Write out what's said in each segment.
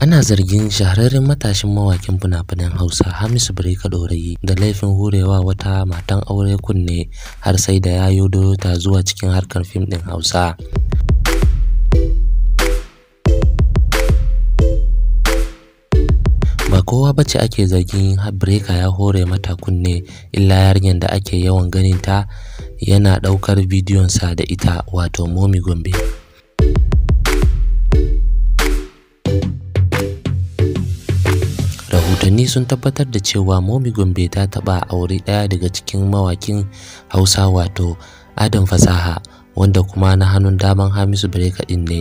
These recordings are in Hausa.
ana zargin shahararren matashin mawakin fina-finan hausa hamisu birka Dorayi, da laifin hurewa wata matan aure kunne har sai da ya ta zuwa cikin harkar fim ɗin hausa ba kowa bace ake zargin birka ya hore mata kunne illa yarinyar da ake yawan ganin ta yana ɗaukar bidiyonsa da ita wato momi gombe rahotanni sun tabbatar da cewa momi gombe ta taɓa aure ɗaya daga cikin mawakin hausa wato adam fasaha wanda kuma na hannun daman hamisu breka ɗin ne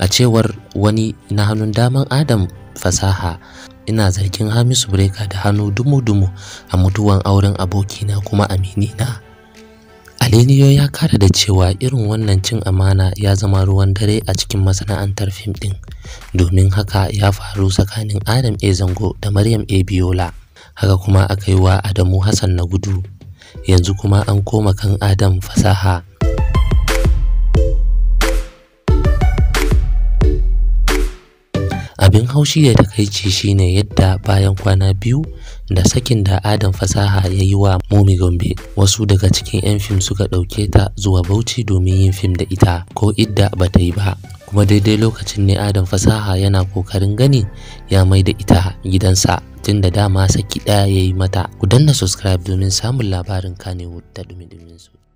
a cewar wani na hannun daman adam fasaha ina zargin hamisu bireka da hannu dumu-dumu a mutuwan auren abokina kuma aminina Adeniyo ya kara da cewa irin wannan cin amana ya zama ruwan dare a cikin masana'antar fim ɗin, domin haka ya faru tsakanin Adam A. Zango da Maryam A. Biola, haka kuma aka yi wa Adamu Hassan na gudu, yanzu kuma an koma kan Adam fasaha Abin haushi da takaici shine yadda bayan kwana biyu da sakin da Adam fasaha ya yi wa Momi Gombe wasu daga cikin 'yan fim suka ɗauke ta zuwa Bauchi domin yin fim da ita ko idda ba ta yi ba. Kuma daidai lokacin ne Adam fasaha yana kokarin gani ya mai da ita gidansa tun da dama saki ɗaya ya yi mata. Ku danna subscribe domin samun labarin Kannywood ta dumi su